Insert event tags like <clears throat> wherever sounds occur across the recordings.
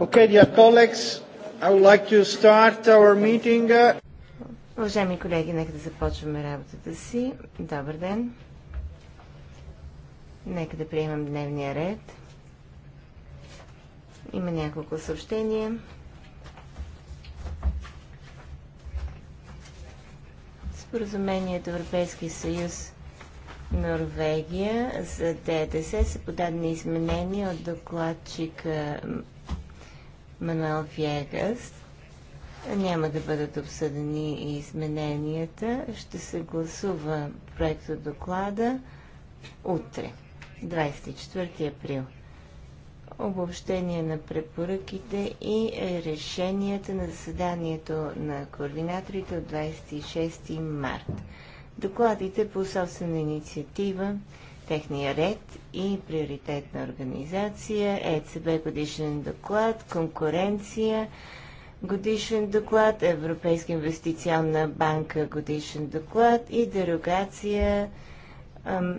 Okay, dear colleagues, I would like to start our meeting. Уважаеми колеги, нека да започваме работата си. Добър ден. Нека да приемем дневния ред. Има няколко съобщения. Споразумението Европейски съюз Норвегия за ДДС са подадени изменения от докладчика Мануел Фиегас. Няма да бъдат обсъдени и измененията. Ще се гласува проекта доклада утре, 24 април. Обобщение на препоръките и решенията на заседанието на координаторите от 26 март. Докладите по собствена инициатива техния ред и приоритетна организация, ЕЦБ годишен доклад, конкуренция, годишен доклад, Европейска инвестиционна банка годишен доклад и дерогация, ам,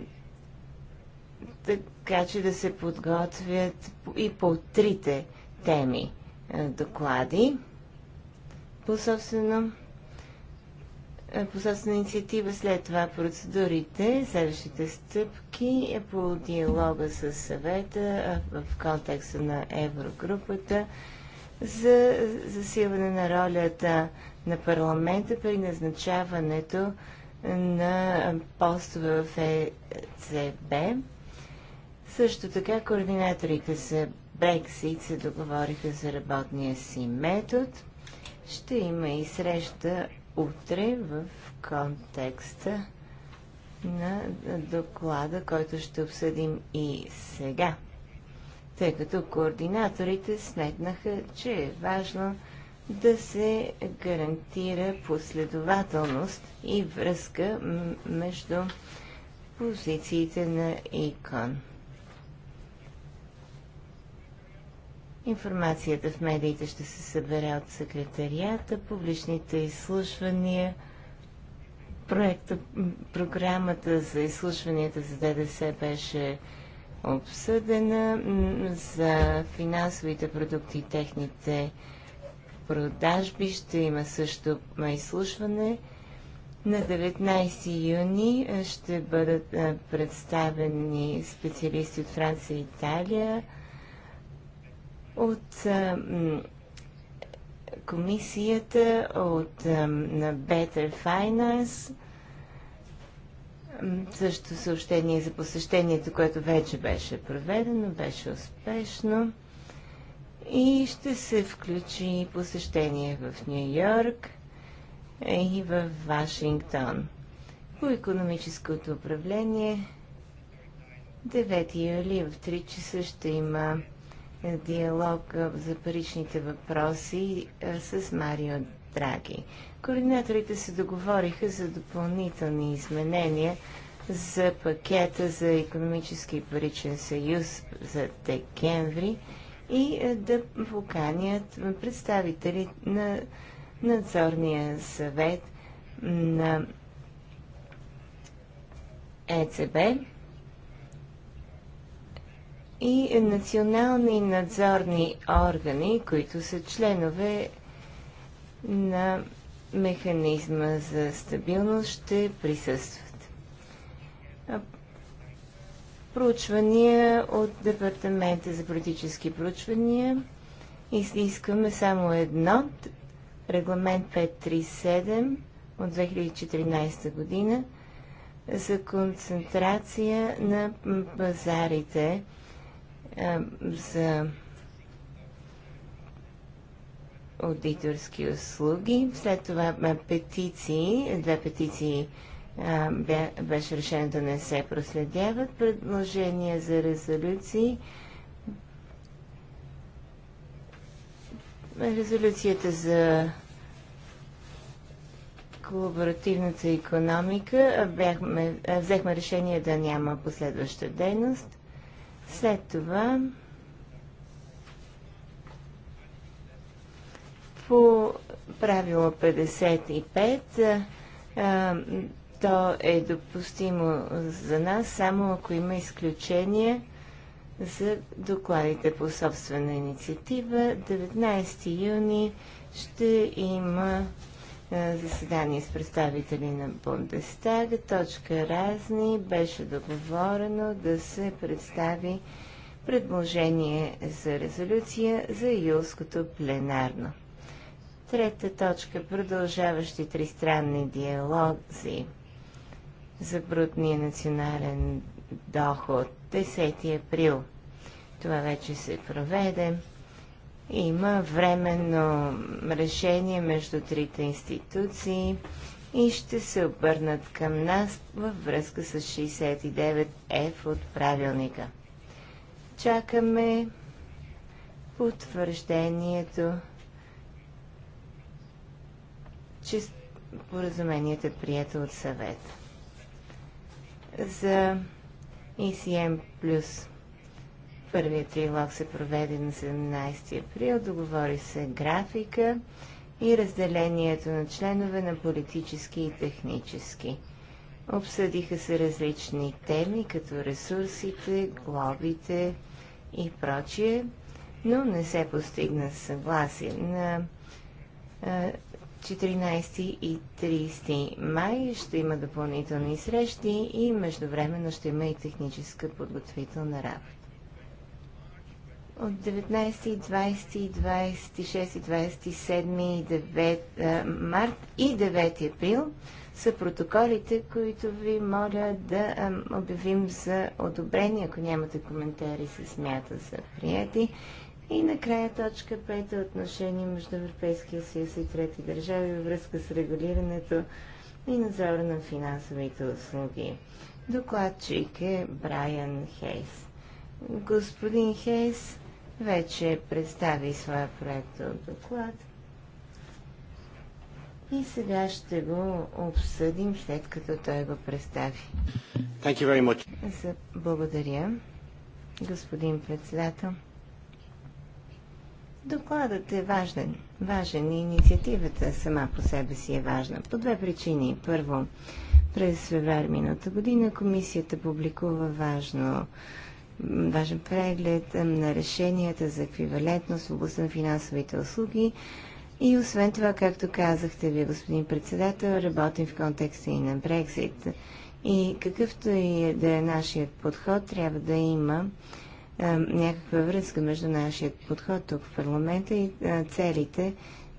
така че да се подготвят и по трите теми доклади по собствено е, по собствена инициатива, след това процедурите, следващите стъпки е по диалога с съвета в контекста на Еврогрупата за засилване на ролята на парламента при назначаването на постове в ЕЦБ. Също така координаторите за Брексит се договориха за работния си метод. Ще има и среща утре в контекста на доклада, който ще обсъдим и сега. Тъй като координаторите сметнаха, че е важно да се гарантира последователност и връзка между позициите на икон. Информацията в медиите ще се събере от секретарията, публичните изслушвания, проекта, програмата за изслушванията за ДДС беше обсъдена, за финансовите продукти и техните продажби ще има също изслушване. На 19 юни ще бъдат представени специалисти от Франция и Италия от а, комисията, от а, на Better Finance, също съобщение за посещението, което вече беше проведено, беше успешно. И ще се включи посещение в Нью Йорк и в Вашингтон. По економическото управление 9 юли в 3 часа ще има диалог за паричните въпроси с Марио Драги. Координаторите се договориха за допълнителни изменения за пакета за економически и паричен съюз за декември и да поканят представители на надзорния съвет на ЕЦБ и национални надзорни органи, които са членове на механизма за стабилност, ще присъстват. Проучвания от Департамента за политически проучвания. Изискваме само едно. Регламент 537 от 2014 година за концентрация на пазарите е, за аудиторски услуги. След това е, петиции, две петиции е, беше решено да не се проследяват. Предложения за резолюции. Резолюцията за колаборативната економика бяхме, взехме решение да няма последваща дейност. След това по правило 55 то е допустимо за нас само ако има изключения за докладите по собствена инициатива. 19 юни ще има е, заседание с представители на Бундестага. Точка разни беше договорено да се представи предложение за резолюция за юлското пленарно. Трета точка – продължаващи тристранни диалози за брутния национален доход 10 април. Това вече се проведе. Има временно решение между трите институции и ще се обърнат към нас във връзка с 69F от правилника. Чакаме потвърждението, че поразумението е прието от съвет. За ECM плюс Първият трилог се проведе на 17 април, договори се графика и разделението на членове на политически и технически. Обсъдиха се различни теми, като ресурсите, глобите и прочие, но не се постигна съгласие. На 14 и 30 май ще има допълнителни срещи и междувременно ще има и техническа подготвителна работа. От 19, и 20, 26, и 27 и 9, е, март и 9 април са протоколите, които ви моля да е, обявим за одобрение, ако нямате коментари, се смята за прияти. И накрая точка 5 отношение между Европейския съюз и трети държави във връзка с регулирането и надзора на финансовите услуги. Докладчик е Брайан Хейс. Господин Хейс, вече представи своя проект от доклад. И сега ще го обсъдим, след като той го представи. Thank you very much. Благодаря, господин председател. Докладът е важен. Важен и инициативата сама по себе си е важна. По две причини. Първо, през февраль миналата година комисията публикува важно важен преглед на решенията за еквивалентност в областта на финансовите услуги. И освен това, както казахте вие, господин председател, работим в контекста и на Брекзит. И какъвто и да е нашият подход, трябва да има а, някаква връзка между нашият подход тук в парламента и а, целите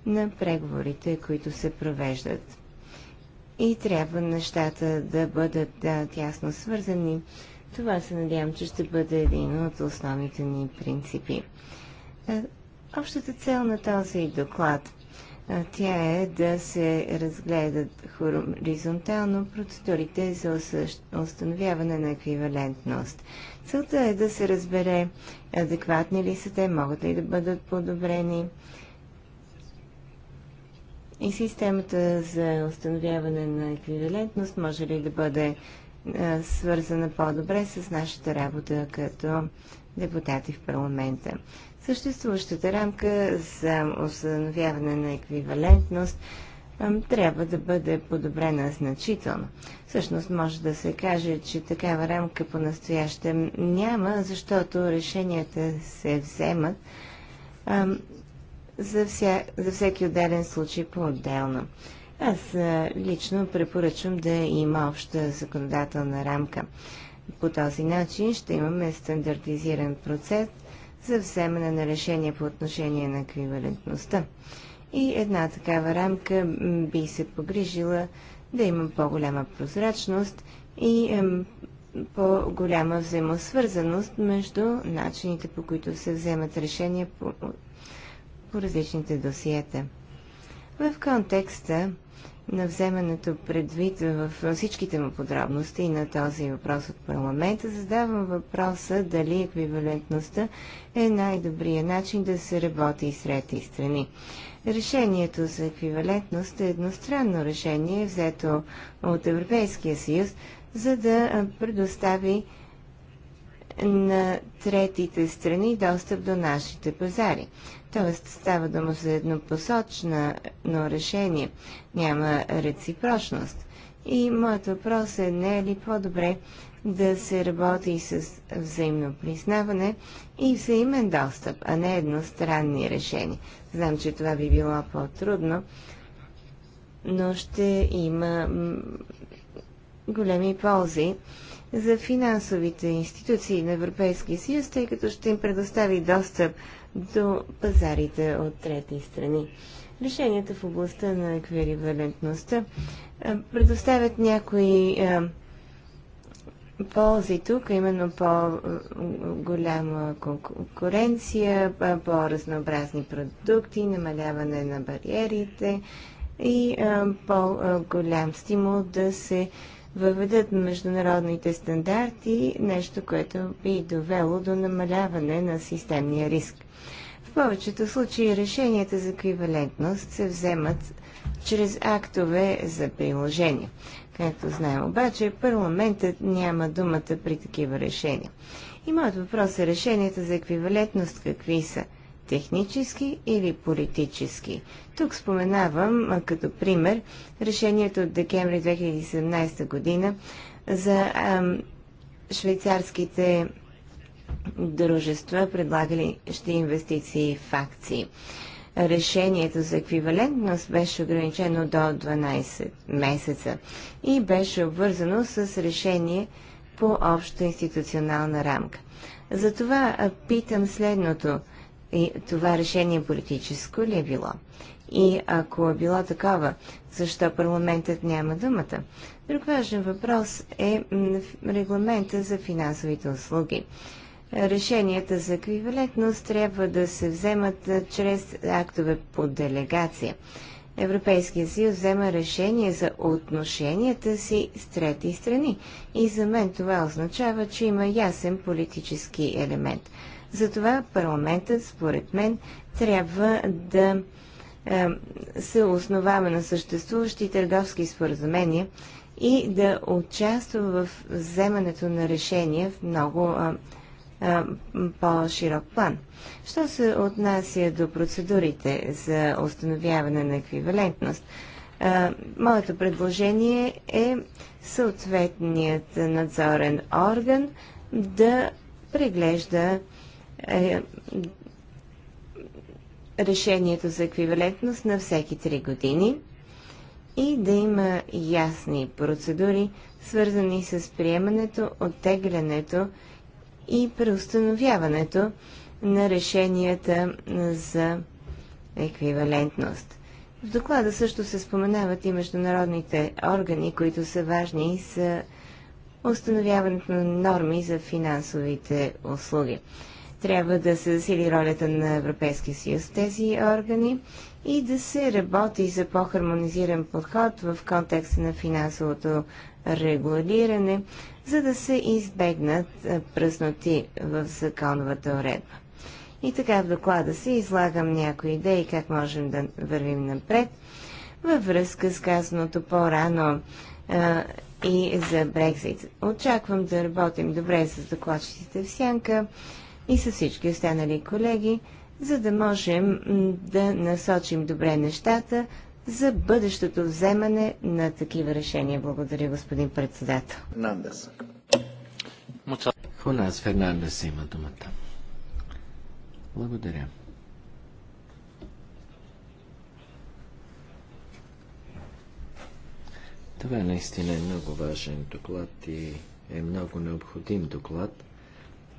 на преговорите, които се провеждат. И трябва нещата да бъдат да, тясно свързани това се надявам, че ще бъде един от основните ни принципи. Е, общата цел на този доклад е, тя е да се разгледат хоризонтално процедурите за установяване на еквивалентност. Целта е да се разбере адекватни ли са те, могат ли да бъдат подобрени и системата за установяване на еквивалентност може ли да бъде е, свързана по-добре с нашата работа като депутати в парламента. Съществуващата рамка за установяване на еквивалентност е, трябва да бъде подобрена значително. Всъщност може да се каже, че такава рамка по-настоящем няма, защото решенията се вземат е, за, вся, за всеки отделен случай по-отделно. Аз лично препоръчвам да има обща законодателна рамка. По този начин ще имаме стандартизиран процес за вземане на решения по отношение на еквивалентността. И една такава рамка би се погрижила да има по-голяма прозрачност и по-голяма взаимосвързаност между начините по които се вземат решения по, по различните досиета. В контекста на вземането предвид в всичките му подробности и на този въпрос от парламента. Задавам въпроса дали еквивалентността е най-добрият начин да се работи и сред и страни. Решението за еквивалентност е едностранно решение, взето от Европейския съюз, за да предостави на третите страни достъп до нашите пазари. Тоест става дума за еднопосочно решение. Няма реципрочност. И моят въпрос е, не е ли по-добре да се работи с взаимно признаване и взаимен достъп, а не едностранни решения. Знам, че това би било по-трудно, но ще има големи ползи за финансовите институции на Европейския съюз, тъй като ще им предостави достъп до пазарите от трети страни. Решенията в областта на еквивалентността предоставят някои ползи тук, именно по-голяма конкуренция, по-разнообразни продукти, намаляване на бариерите и по-голям стимул да се въведат международните стандарти, нещо, което би довело до намаляване на системния риск. В повечето случаи решенията за еквивалентност се вземат чрез актове за приложение. Както знаем обаче, парламентът няма думата при такива решения. И моят въпрос е решенията за еквивалентност какви са – технически или политически. Тук споменавам като пример решението от декември 2017 година за ам, швейцарските дружества, предлагали ще инвестиции в акции. Решението за еквивалентност беше ограничено до 12 месеца и беше обвързано с решение по обща институционална рамка. Затова питам следното. И това решение политическо ли е било? И ако е било такова, защо парламентът няма думата? Друг важен въпрос е регламента за финансовите услуги. Решенията за еквивалентност трябва да се вземат чрез актове по делегация. Европейския съюз взема решение за отношенията си с трети страни. И за мен това означава, че има ясен политически елемент. Затова парламентът, според мен, трябва да е, се основава на съществуващи търговски споразумения и да участва в вземането на решения в много е, е, по-широк план. Що се отнася до процедурите за установяване на еквивалентност? моето предложение е съответният надзорен орган да преглежда е, решението за еквивалентност на всеки 3 години и да има ясни процедури, свързани с приемането, оттеглянето и преустановяването на решенията за еквивалентност. В доклада също се споменават и международните органи, които са важни и са установяването на норми за финансовите услуги. Трябва да се засили ролята на Европейския съюз в тези органи и да се работи за по-хармонизиран подход в контекста на финансовото регулиране, за да се избегнат пръсноти в законовата уредба. И така в доклада се, излагам някои идеи как можем да вървим напред във връзка с казаното по-рано и за Брекзит. Очаквам да работим добре с докладчиците в Сянка и с всички останали колеги, за да можем да насочим добре нещата за бъдещото вземане на такива решения. Благодаря, господин председател. Фернандес. Хунас Фернандес има думата. Благодаря. Това е наистина е много важен доклад и е много необходим доклад –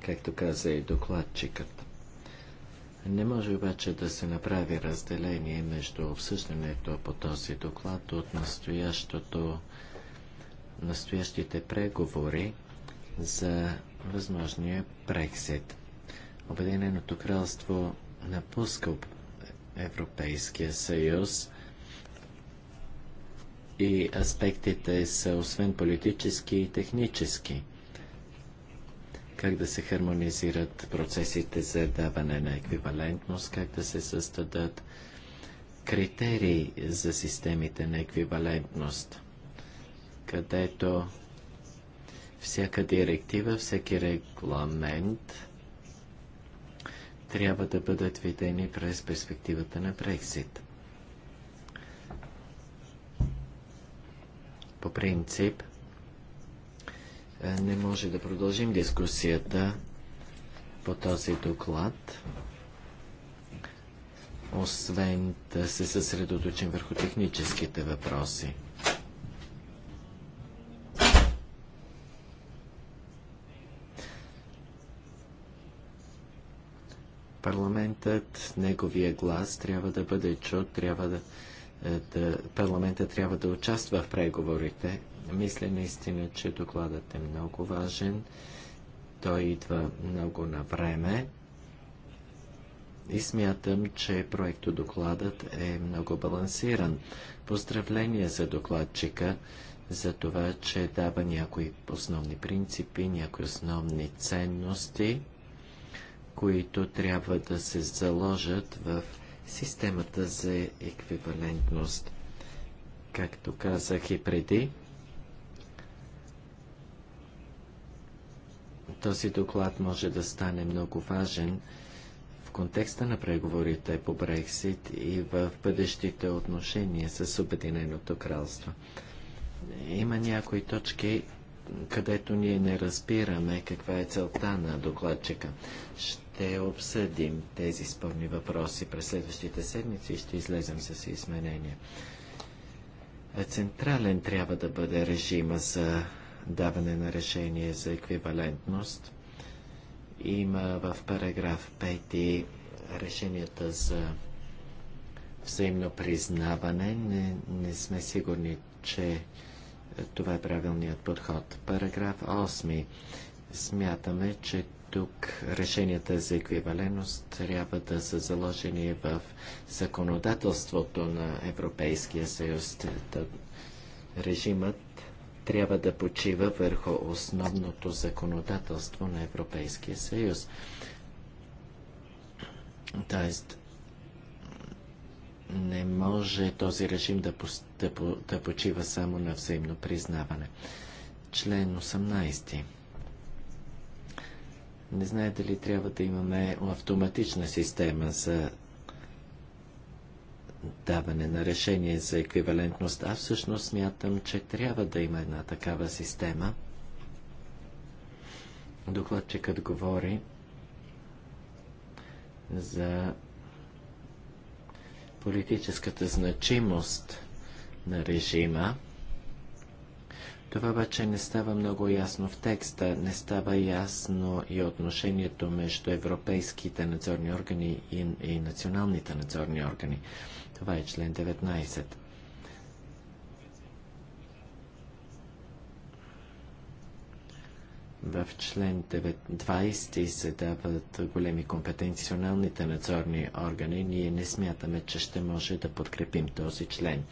както каза и докладчикът. Не може обаче да се направи разделение между обсъждането по този доклад от настоящото, настоящите преговори за възможния Брексит. Обединеното кралство напуска Европейския съюз и аспектите са освен политически и технически как да се хармонизират процесите за даване на еквивалентност, как да се създадат критерии за системите на еквивалентност, където всяка директива, всеки регламент трябва да бъдат видени през перспективата на Брексит. По принцип, е, не може да продължим дискусията по този доклад, освен да се съсредоточим върху техническите въпроси. Парламентът, неговия глас трябва да бъде чут, трябва да, е, да парламентът трябва да участва в преговорите, мисля наистина, че докладът е много важен. Той идва много на време и смятам, че проектодокладът е много балансиран. Поздравление за докладчика за това, че дава някои основни принципи, някои основни ценности, които трябва да се заложат в системата за еквивалентност. Както казах и преди, Този доклад може да стане много важен в контекста на преговорите по Брексит и в бъдещите отношения с Обединеното кралство. Има някои точки, където ние не разбираме каква е целта на докладчика. Ще обсъдим тези спорни въпроси през следващите седмици и ще излезем с изменения. Централен трябва да бъде режима за даване на решение за еквивалентност. Има в параграф 5 решенията за взаимно признаване. Не, не сме сигурни, че това е правилният подход. Параграф 8. Смятаме, че тук решенията за еквивалентност трябва да са заложени в законодателството на Европейския съюз. Режимът трябва да почива върху основното законодателство на Европейския съюз. Тоест, не може този режим да, да, да почива само на взаимно признаване. Член 18. Не знаете дали трябва да имаме автоматична система за даване на решение за еквивалентност. Аз всъщност смятам, че трябва да има една такава система. Докладчикът говори за политическата значимост на режима. Това обаче не става много ясно в текста, не става ясно и отношението между европейските надзорни органи и, и националните надзорни органи. Това е член 19. в член 20 се дават големи компетенционалните надзорни органи, ние не смятаме, че ще може да подкрепим този член.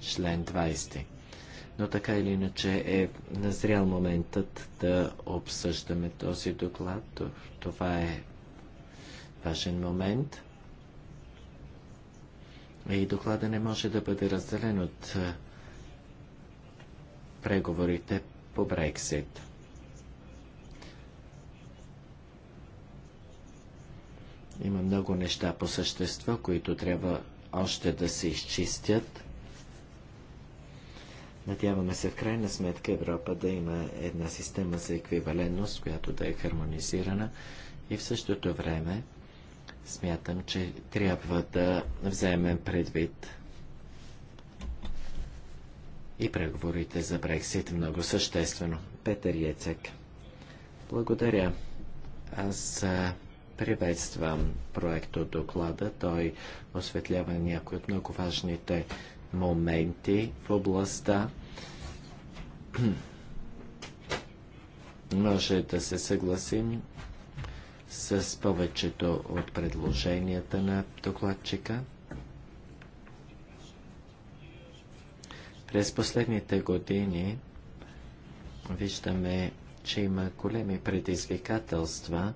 Член 20 но така или иначе е назрял моментът да обсъждаме този доклад. Това е важен момент. И доклада не може да бъде разделен от преговорите по Брексит. Има много неща по същество, които трябва още да се изчистят. Надяваме се в крайна сметка Европа да има една система за еквивалентност, която да е хармонизирана и в същото време смятам, че трябва да вземем предвид и преговорите за Брексит много съществено. Петър Яцек. Благодаря. Аз приветствам проекто доклада. Той осветлява някои от много важните моменти в областта. <clears throat> Може да се съгласим с повечето от предложенията на докладчика. През последните години виждаме, че има големи предизвикателства,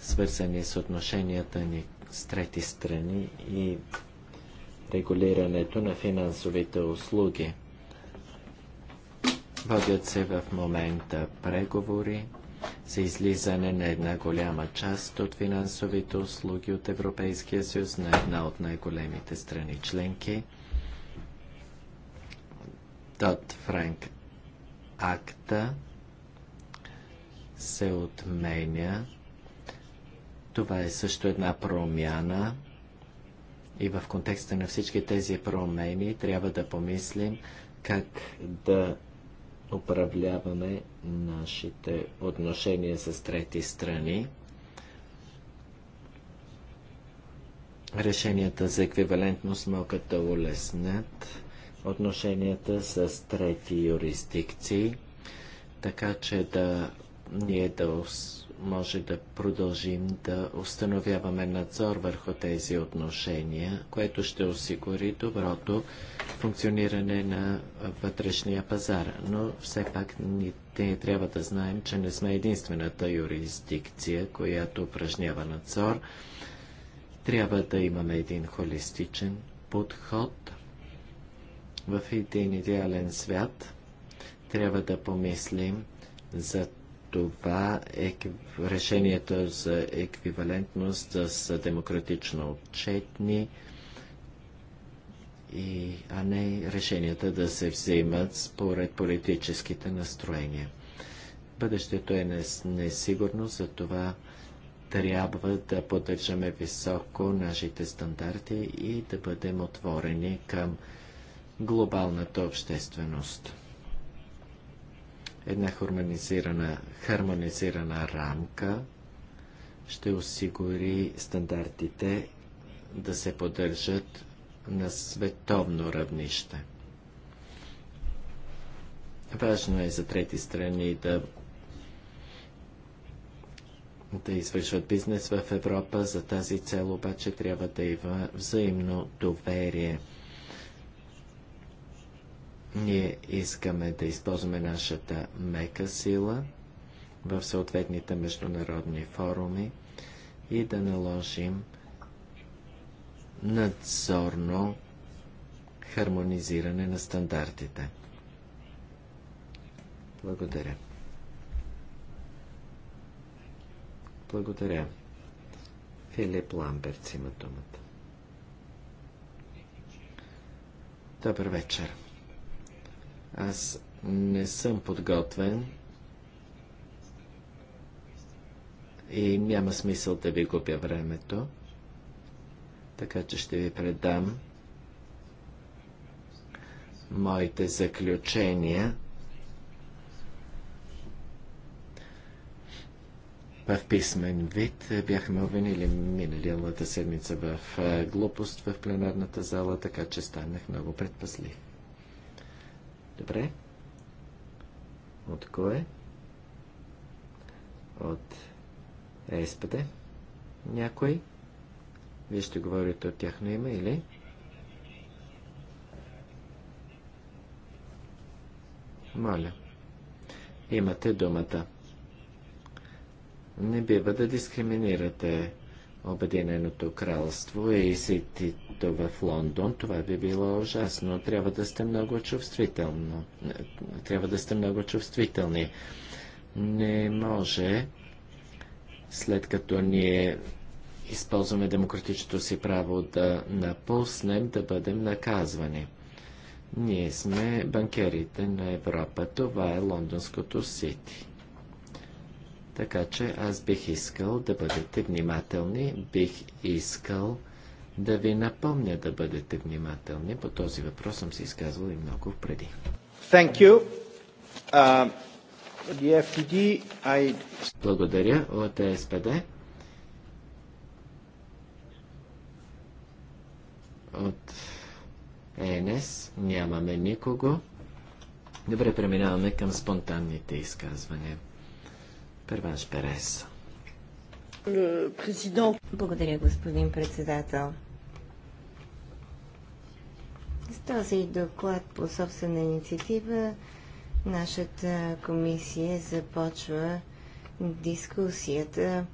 свързани с отношенията ни с трети страни и регулирането на финансовите услуги. Водят се в момента преговори за излизане на една голяма част от финансовите услуги от Европейския съюз на една от най-големите страни членки. Дот Франк акта се отменя. Това е също една промяна и в контекста на всички тези промени трябва да помислим как да управляваме нашите отношения с трети страни. Решенията за еквивалентност могат да улеснят отношенията с трети юрисдикции, така че да ние да може да продължим да установяваме надзор върху тези отношения, което ще осигури доброто функциониране на вътрешния пазар. Но все пак ние трябва да знаем, че не сме единствената юрисдикция, която упражнява надзор. Трябва да имаме един холистичен подход в един идеален свят. Трябва да помислим за това е решението за еквивалентност с демократично отчетни, и, а не решенията да се взимат според политическите настроения. Бъдещето е несигурно, затова трябва да поддържаме високо нашите стандарти и да бъдем отворени към глобалната общественост. Една хармонизирана, хармонизирана рамка ще осигури стандартите да се поддържат на световно равнище. Важно е за трети страни да да извършват бизнес в Европа. За тази цел обаче трябва да има взаимно доверие. Ние искаме да използваме нашата мека сила в съответните международни форуми и да наложим надзорно хармонизиране на стандартите. Благодаря. Благодаря. Филип Ламберт има думата. Добър вечер. Аз не съм подготвен и няма смисъл да ви губя времето, така че ще ви предам моите заключения в писмен вид. Бяхме обвинили миналата седмица в глупост в пленарната зала, така че станах много предпазлив. Добре. От кое? От ЕСПД? Някой? Вие ще говорите от тяхно име или? Моля. Имате думата. Не бива да дискриминирате Обединеното кралство и сетите времето в Лондон, това би било ужасно. Трябва да сте много чувствително. Трябва да сте много чувствителни. Не може, след като ние използваме демократичното си право да напуснем, да бъдем наказвани. Ние сме банкерите на Европа. Това е лондонското сити. Така че аз бих искал да бъдете внимателни, бих искал да ви напомня да бъдете внимателни. По този въпрос съм се изказвал и много преди. Thank you. Uh, the FTD, I... Благодаря от е СПД. От ЕНС нямаме никого. Добре, преминаваме към спонтанните изказвания. Първанш Перес. Благодаря, господин председател. С този доклад по собствена инициатива нашата комисия започва дискусията,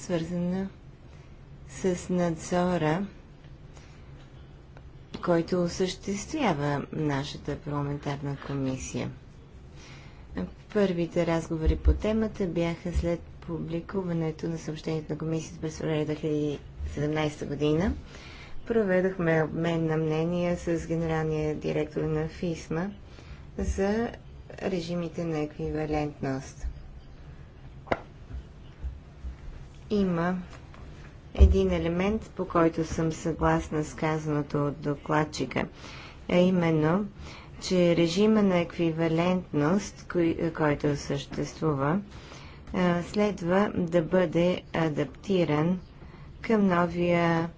свързана с надзора, който осъществява нашата парламентарна комисия. Първите разговори по темата бяха след публикуването на съобщението на комисията през 2017 година проведохме обмен на мнения с генералния директор на ФИСМА за режимите на еквивалентност. Има един елемент, по който съм съгласна с казаното от докладчика, а именно, че режима на еквивалентност, кой, който съществува, следва да бъде адаптиран към новия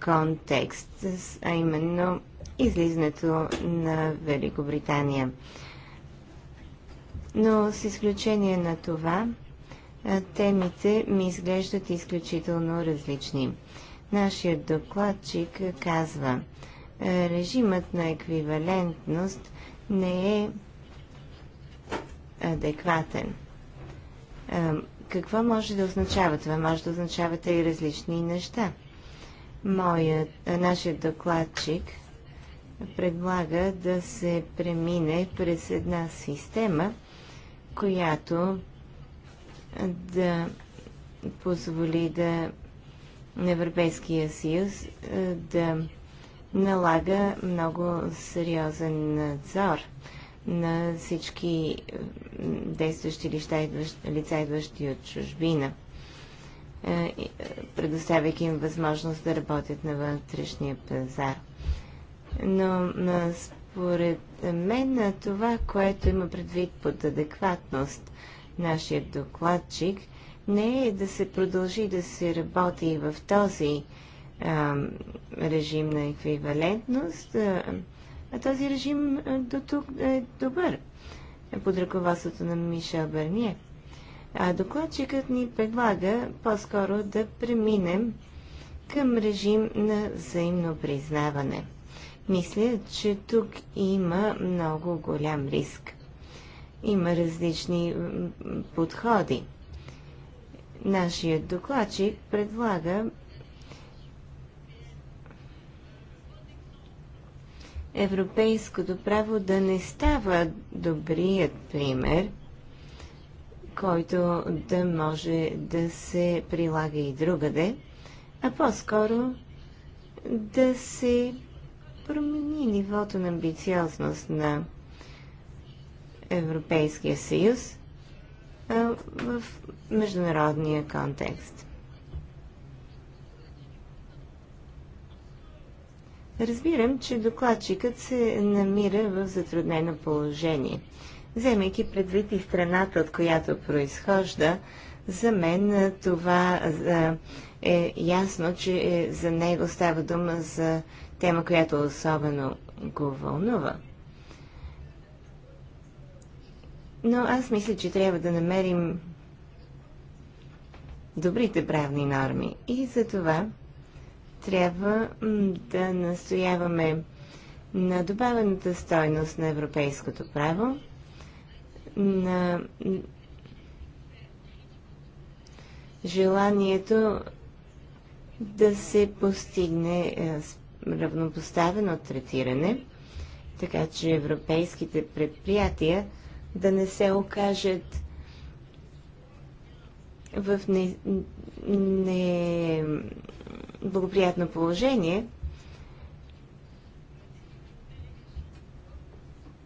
контекст, а именно излизането на Великобритания. Но с изключение на това, темите ми изглеждат изключително различни. Нашият докладчик казва, режимът на еквивалентност не е адекватен. Какво може да означава? Това може да означава и различни неща. Моят, нашият докладчик предлага да се премине през една система, която да позволи да на Европейския съюз да налага много сериозен надзор на всички действащи лица, идващи от чужбина – е, е, предоставяйки им възможност да работят на вътрешния пазар. Но според мен на това, което има предвид под адекватност нашия докладчик, не е да се продължи да се работи в този а, режим на еквивалентност, а, а този режим до тук е добър под ръководството на Мишел Берние. А докладчикът ни предлага по-скоро да преминем към режим на взаимно признаване. Мисля, че тук има много голям риск. Има различни подходи. Нашият докладчик предлага европейското право да не става добрият пример – който да може да се прилага и другаде, а по-скоро да се промени нивото на амбициозност на Европейския съюз в международния контекст. Разбирам, че докладчикът се намира в затруднено положение – вземайки предвид и страната, от която произхожда, за мен това е ясно, че е, за него става дума за тема, която особено го вълнува. Но аз мисля, че трябва да намерим добрите правни норми и за това трябва да настояваме на добавената стойност на европейското право – на желанието да се постигне е, равнопоставено третиране, така че европейските предприятия да не се окажат в неблагоприятно не, положение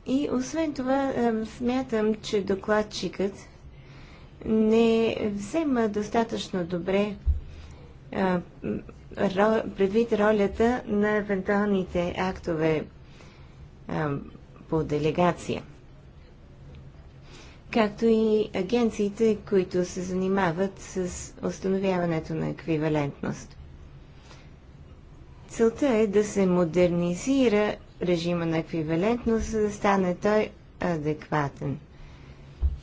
И освен това, смятам, че докладчикът не взема достатъчно добре предвид ролята на евентуалните актове по делегация. Както и агенциите, които се занимават с установяването на еквивалентност. Целта е да се модернизира режима на еквивалентност, за да стане той адекватен.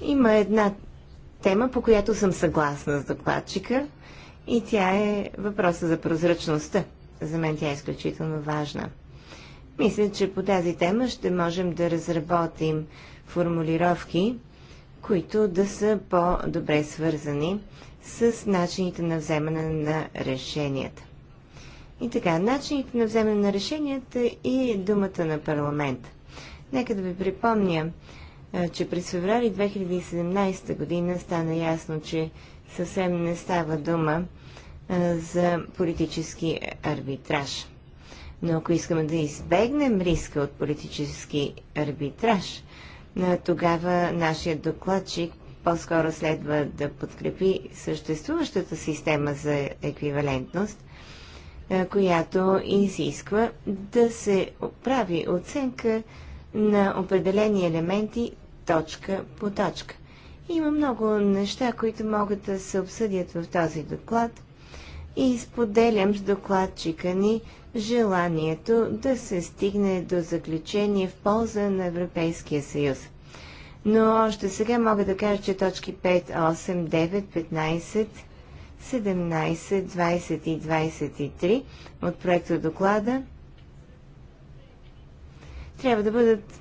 Има една тема, по която съм съгласна с докладчика и тя е въпроса за прозрачността. За мен тя е изключително важна. Мисля, че по тази тема ще можем да разработим формулировки, които да са по-добре свързани с начините на вземане на решенията. И така, начините на вземане на решенията и думата на парламента. Нека да ви припомня, че през феврари 2017 година стана ясно, че съвсем не става дума за политически арбитраж. Но ако искаме да избегнем риска от политически арбитраж, тогава нашия докладчик по-скоро следва да подкрепи съществуващата система за еквивалентност е, която изисква да се прави оценка на определени елементи точка по точка. Има много неща, които могат да се обсъдят в този доклад и споделям с докладчика ни желанието да се стигне до заключение в полза на Европейския съюз. Но още сега мога да кажа, че точки 5, 8, 9, 15 17, и 23 от проекта доклада трябва да бъдат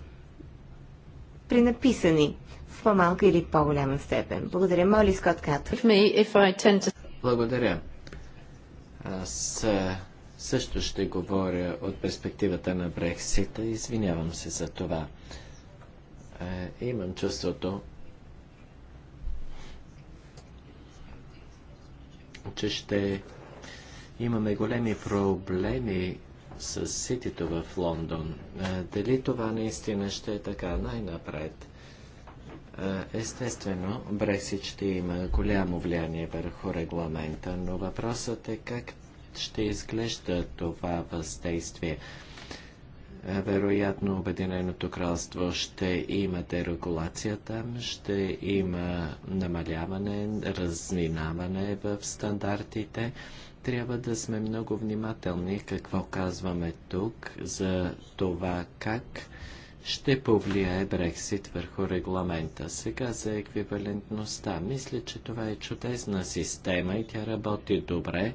пренаписани в по-малка или по-голяма степен. Благодаря. Моли Скот Катър. Благодаря. Аз също ще говоря от перспективата на Брексита. Извинявам се за това. Е, имам чувството, че ще имаме големи проблеми с ситито в Лондон. Е, дали това наистина ще е така най-напред? Е, естествено, Брексит ще има голямо влияние върху регламента, но въпросът е как ще изглежда това въздействие. Е, вероятно Обединеното кралство ще има дерегулация там, ще има намаляване, разминаване в стандартите. Трябва да сме много внимателни какво казваме тук за това как ще повлияе Брексит върху регламента. Сега за еквивалентността. Мисля, че това е чудесна система и тя работи добре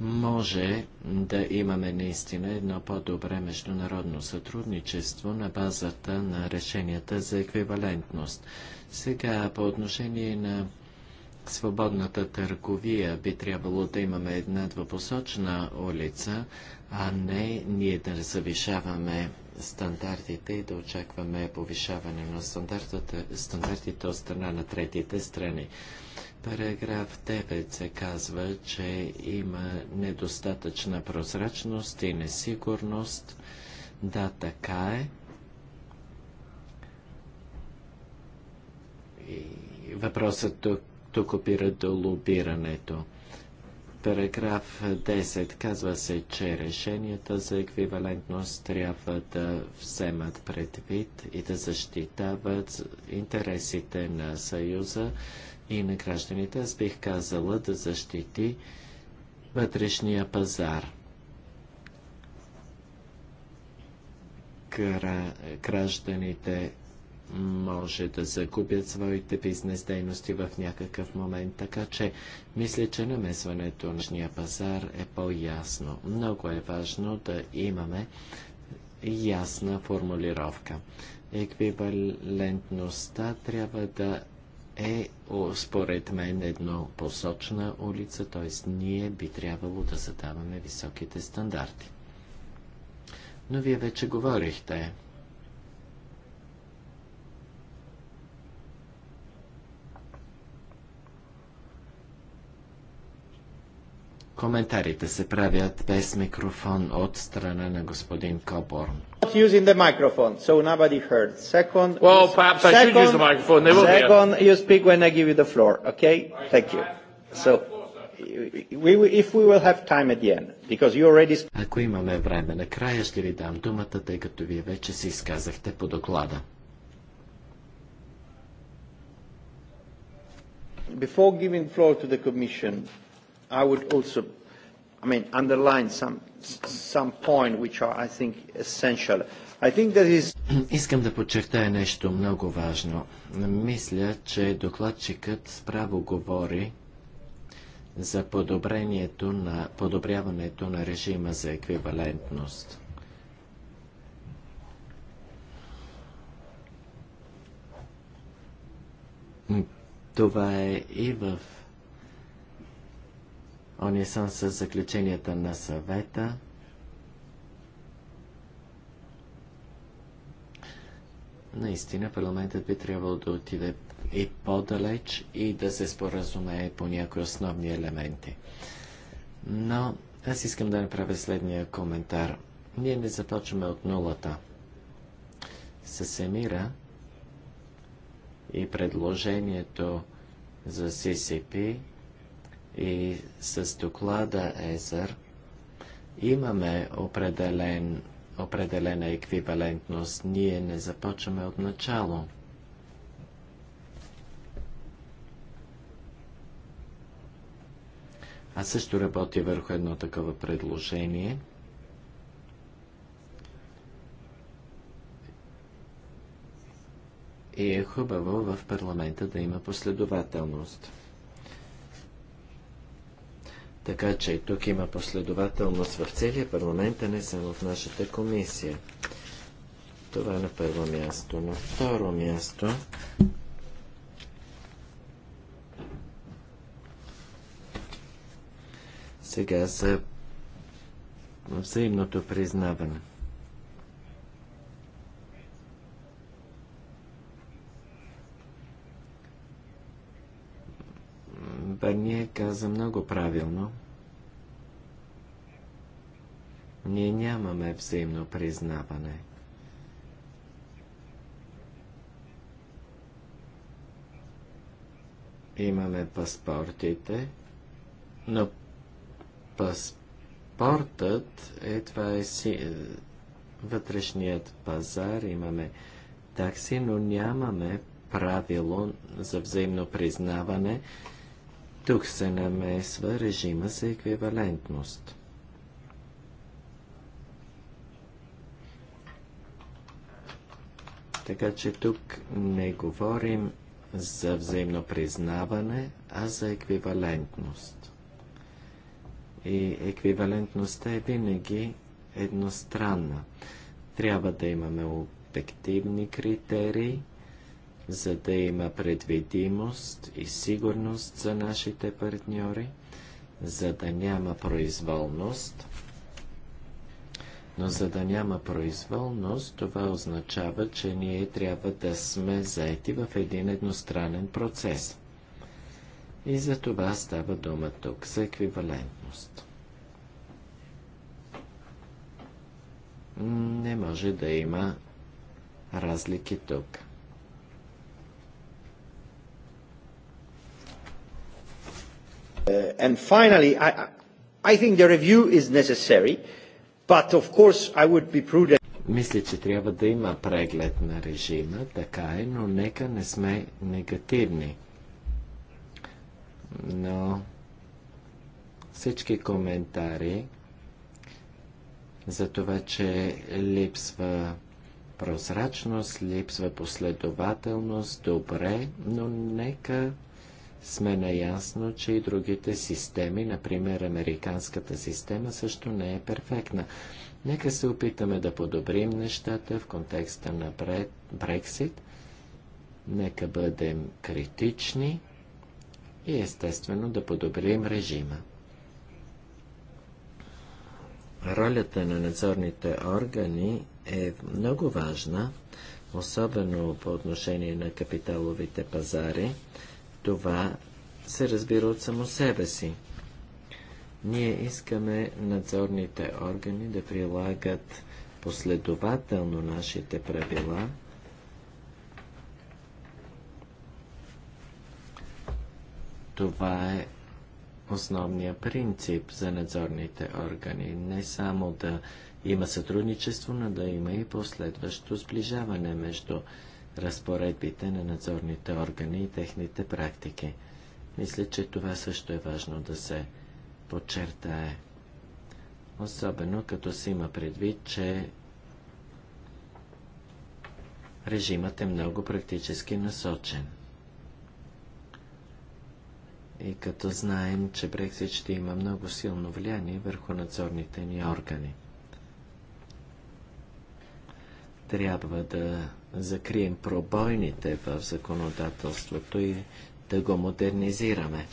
може да имаме наистина едно по-добре международно сътрудничество на базата на решенията за еквивалентност. Сега по отношение на свободната търговия би трябвало да имаме една двупосочна улица, а не ние да завишаваме стандартите и да очакваме повишаване на стандартите от страна на третите страни параграф 9 се казва, че има недостатъчна прозрачност и несигурност. Да, така е. И въпросът тук, тук опира до лобирането. Параграф 10 казва се, че решенията за еквивалентност трябва да вземат предвид и да защитават интересите на Съюза и на гражданите. Аз бих казала да защити вътрешния пазар. Гражданите може да загубят своите бизнес дейности в някакъв момент, така че мисля, че намесването на нощния пазар е по-ясно. Много е важно да имаме ясна формулировка. Еквивалентността трябва да е, според мен, едно посочна улица, т.е. ние би трябвало да задаваме високите стандарти. Но вие вече говорихте Коментарите се правят без микрофон от страна на господин Коборн. Using the microphone, so nobody heard. Second, well, perhaps second, I should use the microphone. They will second, hear. you speak when I give you the floor. Okay, thank you. So, we, if we will have time at the end, because you already. Ако имаме време, накрая ще ви дам думата, тъй като вие вече се изказахте по доклада. Before giving floor to the Commission, I would also, I mean, underline some, some point which are, I think, essential. I think that is... <clears throat> Искам да подчертая нещо много важно. Мисля, че докладчикът справо говори за подобрението на, подобряването на режима за еквивалентност. Това е и в унисон с заключенията на съвета. Наистина парламентът би трябвало да отиде и по-далеч и да се споразумее по някои основни елементи. Но аз искам да направя следния коментар. Ние не започваме от нулата. С Емира и предложението за CCP и с доклада ЕЗър имаме определен, определена еквивалентност. Ние не започваме от начало. Аз също работя върху едно такова предложение. И е хубаво в парламента да има последователност. Така че и тук има последователност в целия парламент, а не само в нашата комисия. Това е на първо място. На второ място сега за взаимното признаване. Бърния каза много правилно. Ние нямаме взаимно признаване. Имаме паспортите, но паспортът е това е си, е, вътрешният пазар, имаме такси, но нямаме правило за взаимно признаване тук се намесва режима за еквивалентност. Така че тук не говорим за взаимно признаване, а за еквивалентност. И еквивалентността е винаги едностранна. Трябва да имаме обективни критерии, за да има предвидимост и сигурност за нашите партньори, за да няма произволност. Но за да няма произволност, това означава, че ние трябва да сме заети в един едностранен процес. И за това става дума тук, за еквивалентност. Не може да има разлики тук. Uh, and finally, I, I think the review is necessary, but of course I would be prudent. Мисля, че трябва да има преглед на режима, така е, но нека не сме негативни. Но всички коментари за това, че липсва прозрачност, липсва последователност, добре, но нека сме наясно, че и другите системи, например американската система, също не е перфектна. Нека се опитаме да подобрим нещата в контекста на Брексит. Нека бъдем критични и естествено да подобрим режима. Ролята на надзорните органи е много важна, особено по отношение на капиталовите пазари. Това се разбира от само себе си. Ние искаме надзорните органи да прилагат последователно нашите правила, Това е основния принцип за надзорните органи. Не само да има сътрудничество, но да има и последващо сближаване между разпоредбите на надзорните органи и техните практики. Мисля, че това също е важно да се подчертае. Особено като се има предвид, че режимът е много практически насочен. И като знаем, че Брексит ще има много силно влияние върху надзорните ни органи трябва да закрием пробойните в законодателството и да го модернизираме.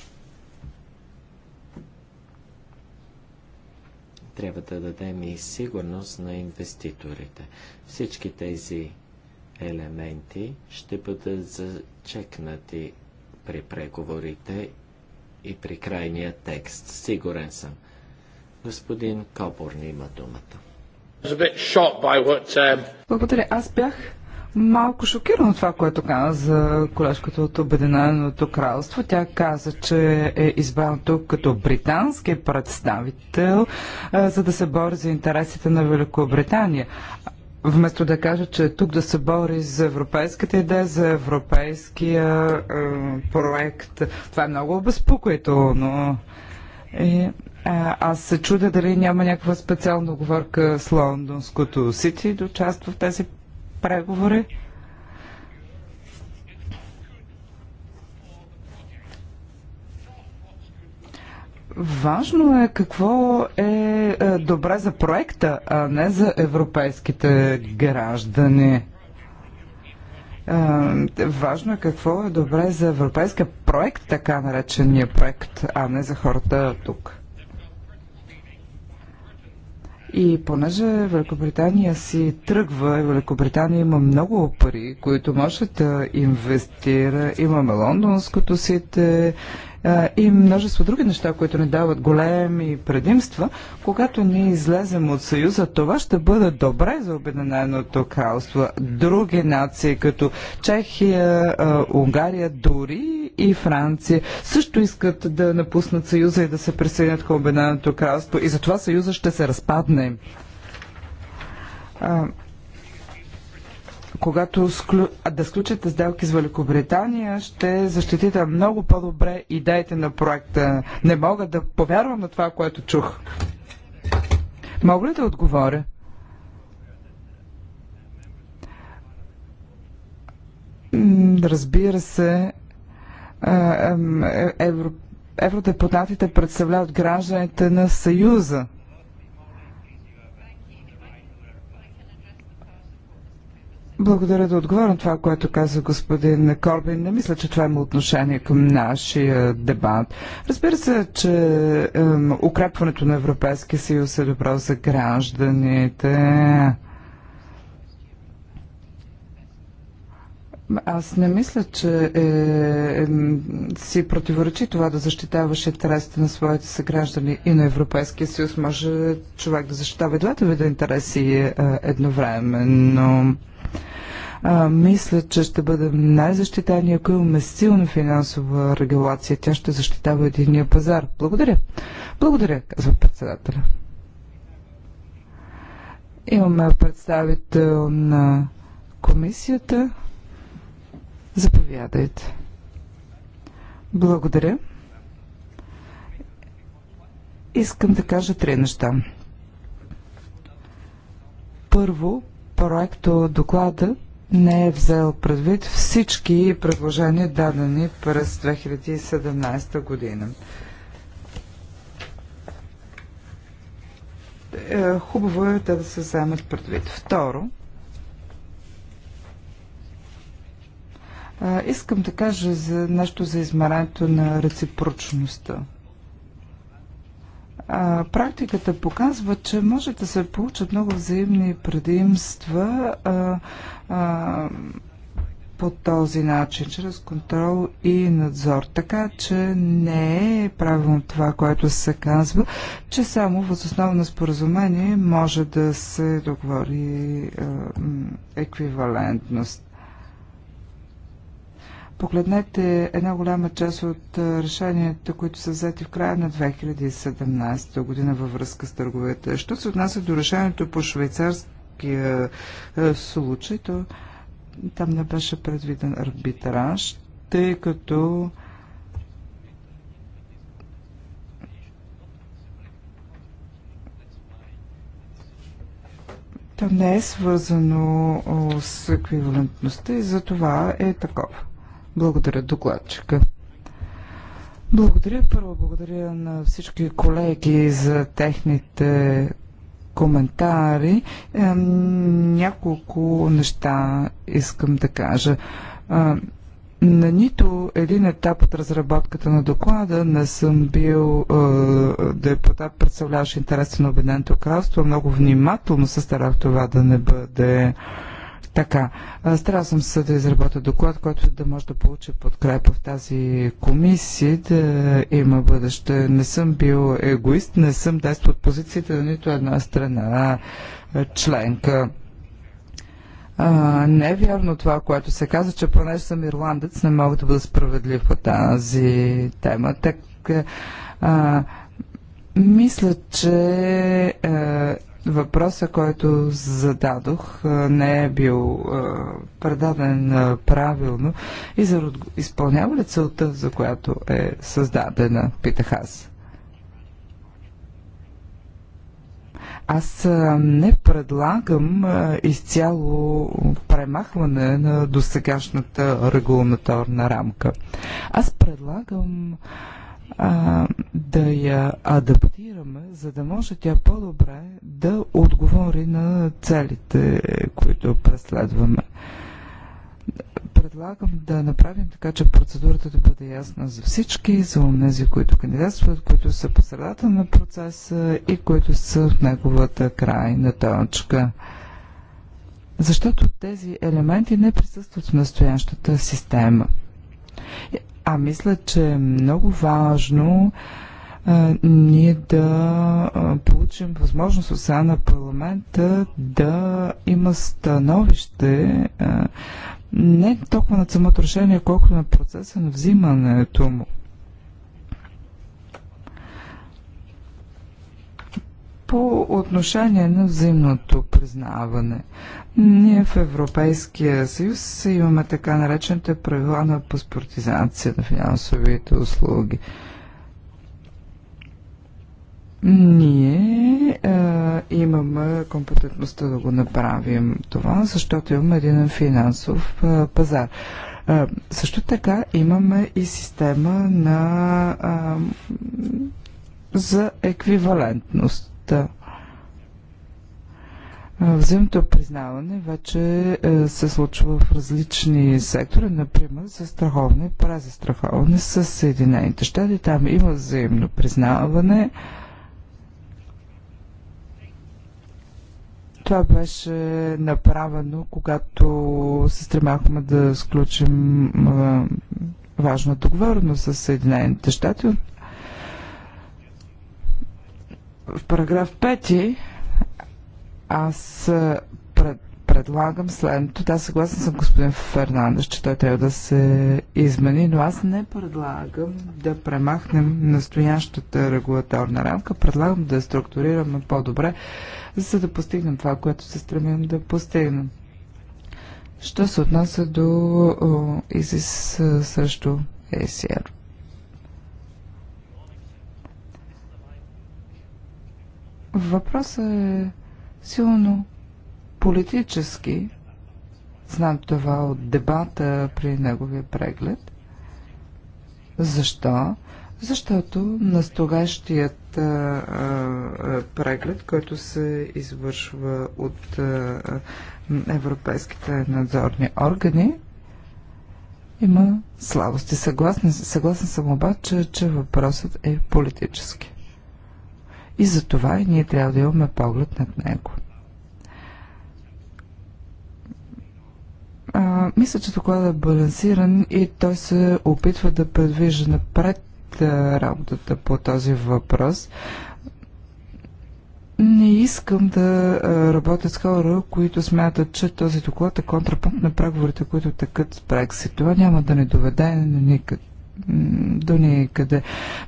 Трябва да дадем и сигурност на инвеститорите. Всички тези елементи ще бъдат зачекнати при преговорите и при крайния текст. Сигурен съм. Господин не има думата. Um, Благодаря. Аз бях малко шокиран от това, което каза колежката от Обединеното кралство. Тя каза, че е избран тук като британски представител, за да се бори за интересите на Великобритания. Вместо да каже, че е тук да се бори за европейската идея, за европейския е, проект. Това е много обезпокоително. И, аз се чудя дали няма някаква специална оговорка с лондонското Сити да участва в тези преговори. Важно е какво е, е добре за проекта, а не за европейските граждани. Важно е какво е добре за европейския проект, така наречения проект, а не за хората тук. И понеже Великобритания си тръгва, и Великобритания има много пари, които може да инвестира, имаме лондонското сите, е, и множество други неща, които ни дават големи предимства. Когато ние излезем от Съюза, това ще бъде добре за Обединеното кралство. Други нации, като Чехия, е, Унгария, дори и Франция, също искат да напуснат Съюза и да се присъединят към Обединеното кралство. И затова Съюза ще се разпадне. Е, когато склю... да сключите сделки с Великобритания, ще защитите много по-добре идеите на проекта. Не мога да повярвам на това, което чух. Мога ли да отговоря? Разбира се, е, евро... евродепутатите представляват гражданите на Съюза. Благодаря да отговоря на това, което каза господин Корбин. Не мисля, че това има отношение към нашия дебат. Разбира се, че ем, укрепването на Европейския съюз е добро за гражданите. Аз не мисля, че е, е, си противоречи това да защитаваш интересите на своите съграждани и на Европейския съюз. Може човек да защитава и двата вида интереси е, едновременно. А, мисля, че ще бъдем най-защитани, ако имаме силна финансова регулация. Тя ще защитава единния пазар. Благодаря. Благодаря, казва председателя. Имаме представител на комисията. Заповядайте. Благодаря. Искам да кажа три неща. Първо, проекто доклада не е взел предвид всички предложения дадени през 2017 година. Е, хубаво е те да се вземат предвид. Второ, е, искам да кажа за нещо за измерението на реципрочността практиката показва, че може да се получат много взаимни предимства а, а, по този начин, чрез контрол и надзор. Така че не е правилно това, което се казва, че само въз основа на споразумение може да се договори еквивалентност. Погледнете една голяма част от решенията, които са взети в края на 2017 година във връзка с търговете. Що се отнася до решението по швейцарския случай, то там не беше предвиден арбитраж, тъй като там не е свързано с еквивалентността и за това е такова. Благодаря докладчика. Благодаря. Първо благодаря на всички колеги за техните коментари. няколко неща искам да кажа. на нито един етап от разработката на доклада не съм бил е, депутат, представляващ интереса на Обединеното кралство. Много внимателно се старах това да не бъде е, така, старал съм се да изработя доклад, който да може да получи подкрепа в тази комисия, да има бъдеще. Не съм бил егоист, не съм действал от позицията на нито една страна членка. А, не е вярно това, което се казва, че понеже съм ирландец, не мога да бъда справедлив по тази тема. Така, а, мисля, че Въпроса, който зададох, не е бил предаден правилно и за изпълнява ли целта, за която е създадена, питах аз. Аз не предлагам изцяло премахване на досегашната регулаторна рамка. Аз предлагам а, да я адаптираме, за да може тя по-добре да отговори на целите, които преследваме. Предлагам да направим така, че процедурата да бъде ясна за всички, за онези, които кандидатстват, които са по средата на процеса и които са в неговата крайна точка. Защото тези елементи не присъстват в настоящата система. А мисля, че е много важно а, ние да а, получим възможност от страна на парламента да има становище а, не толкова на самото решение, колкото на процеса на взимането му. по отношение на взаимното признаване. Ние в Европейския съюз имаме така наречените правила на паспортизация на финансовите услуги. Ние а, е, имаме компетентността да го направим това, защото имаме един финансов а, е, пазар. А, е, също така имаме и система на, а, за еквивалентност света. Взаимното признаване вече е, се случва в различни сектори, например за страховане и празастраховане с Съединените щати. Там има взаимно признаване. Това беше направено, когато се стремяхме да сключим важна договорност с Съединените щати. От в параграф 5 аз пред, предлагам следното. Да, съгласен съм господин Фернандес, че той трябва да се измени, но аз не предлагам да премахнем настоящата регулаторна рамка. Предлагам да я структурираме по-добре, за да постигнем това, което се стремим да постигнем. Що се отнася до ИСИС срещу ЕСР? Въпросът е силно политически. Знам това от дебата при неговия преглед. Защо? Защото настоящият преглед, който се извършва от а, европейските надзорни органи, има слабости. Съгласен съм обаче, че въпросът е политически и за това и ние трябва да имаме поглед над него. А, мисля, че докладът е балансиран и той се опитва да предвижда напред работата по този въпрос. Не искам да работя с хора, които смятат, че този доклад е контрапункт на преговорите, които такът с Брексит. Това няма да ни доведе на никъде до никъде.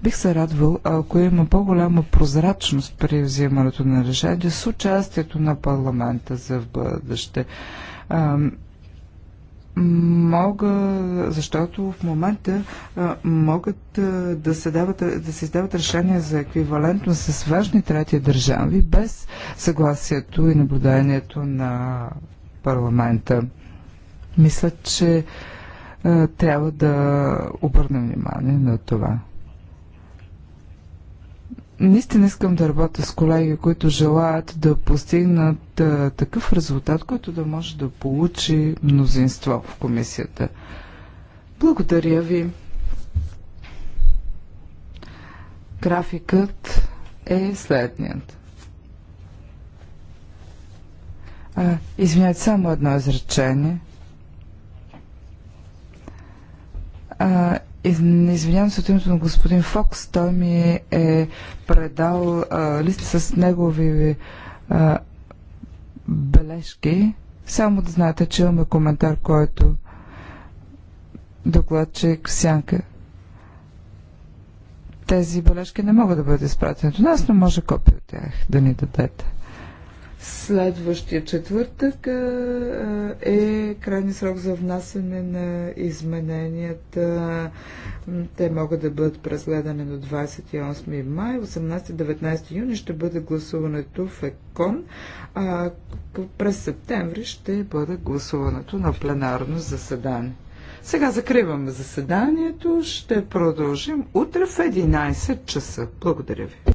Бих се радвал, ако има по-голяма прозрачност при взимането на решение с участието на парламента за в бъдеще. А, мога, защото в момента а, могат а, да, се дават, да се издават решения за еквивалентно с важни трети държави без съгласието и наблюдението на парламента. Мисля, че а, е, трябва да обърнем внимание на това. Наистина искам да работя с колеги, които желаят да постигнат а, е, такъв резултат, който да може да получи мнозинство в комисията. Благодаря ви. Графикът е следният. А, само едно изречение – А, извинявам се от името на господин Фокс. Той ми е предал лист с негови а, бележки. Само да знаете, че имаме коментар, който докладчик Сянка. Тези бележки не могат да бъдат изпратени от нас, но може копия от тях да ни дадете. Следващия четвъртък е крайния срок за внасяне на измененията. Те могат да бъдат прегледани до 28 май, 18-19 юни ще бъде гласуването в ЕКОН, а през септември ще бъде гласуването на пленарно заседание. Сега закриваме заседанието, ще продължим утре в 11 часа. Благодаря ви.